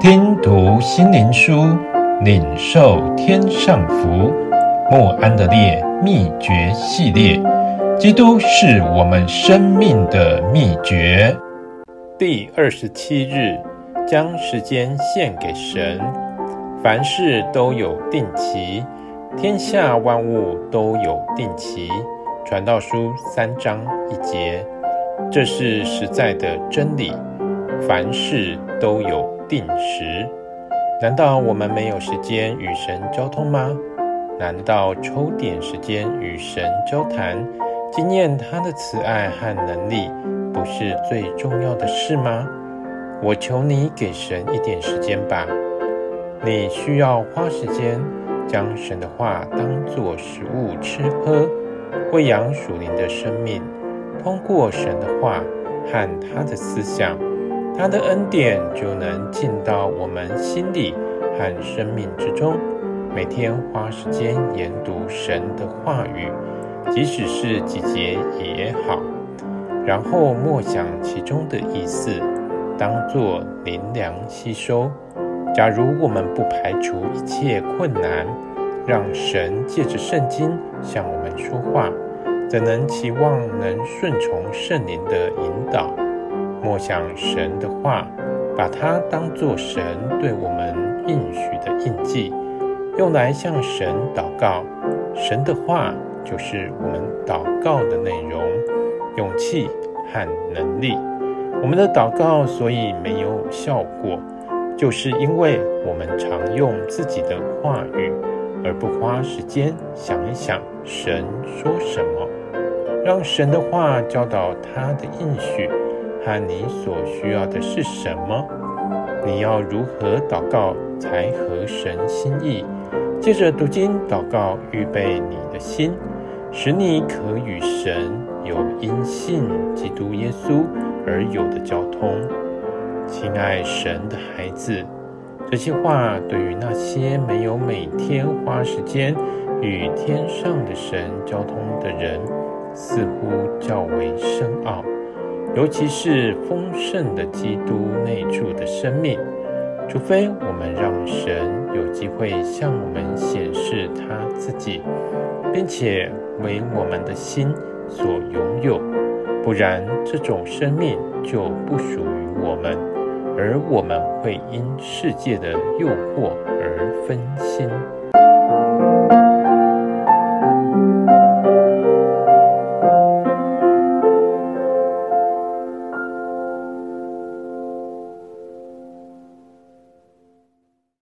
聽讀心靈書，領受天上福。慕安德烈秘訣系列，基督是我們生命的秘訣。第二十七日，將時間獻給神。凡事都有定期，天下萬物都有定期。傳道書三章一節，這是實在的真理。凡事都有定時。難道我們沒有時間與神交通嗎？難道抽點時間與神交談，經驗他的慈愛和能力，不是最重要的事嗎？我求你給神一點時間吧。你需要花時間，將神的話當作食物吃喝，餵養屬靈的生命，通過神的話和他的思想。他的恩典就能進到我們心裡和生命之中。每天花時間研讀神的話語，即使是幾節也好，然後默想其中的意思，當作靈糧吸收。假如我們不排除一切困難，讓神借着聖經向我們說話，怎能期望能順從聖靈的引導？默想神的話，把它當作神對我們應許的印記，用來向神禱告。神的話就是我們禱告的內容、勇氣和能力。我們的禱告所以沒有效果，就是因為我們常用自己的話語，而不花時間想一想神說什麼。讓神的話教導他的應許。看，你所需要的是什麼？你要如何禱告才合神心意？藉著讀經禱告，預備你的心，使你可與神有因信基督耶穌而有的交通。親愛神的孩子，這些話對於那些沒有每天花時間與天上的神交通的人，似乎較為深奧。尤其是豐盛的基督內住的生命，除非我們讓神有機會向我們顯示他自己，並且為我們的心所擁有，不然這種生命就不屬於我們，而我們會因世界的誘惑而分心。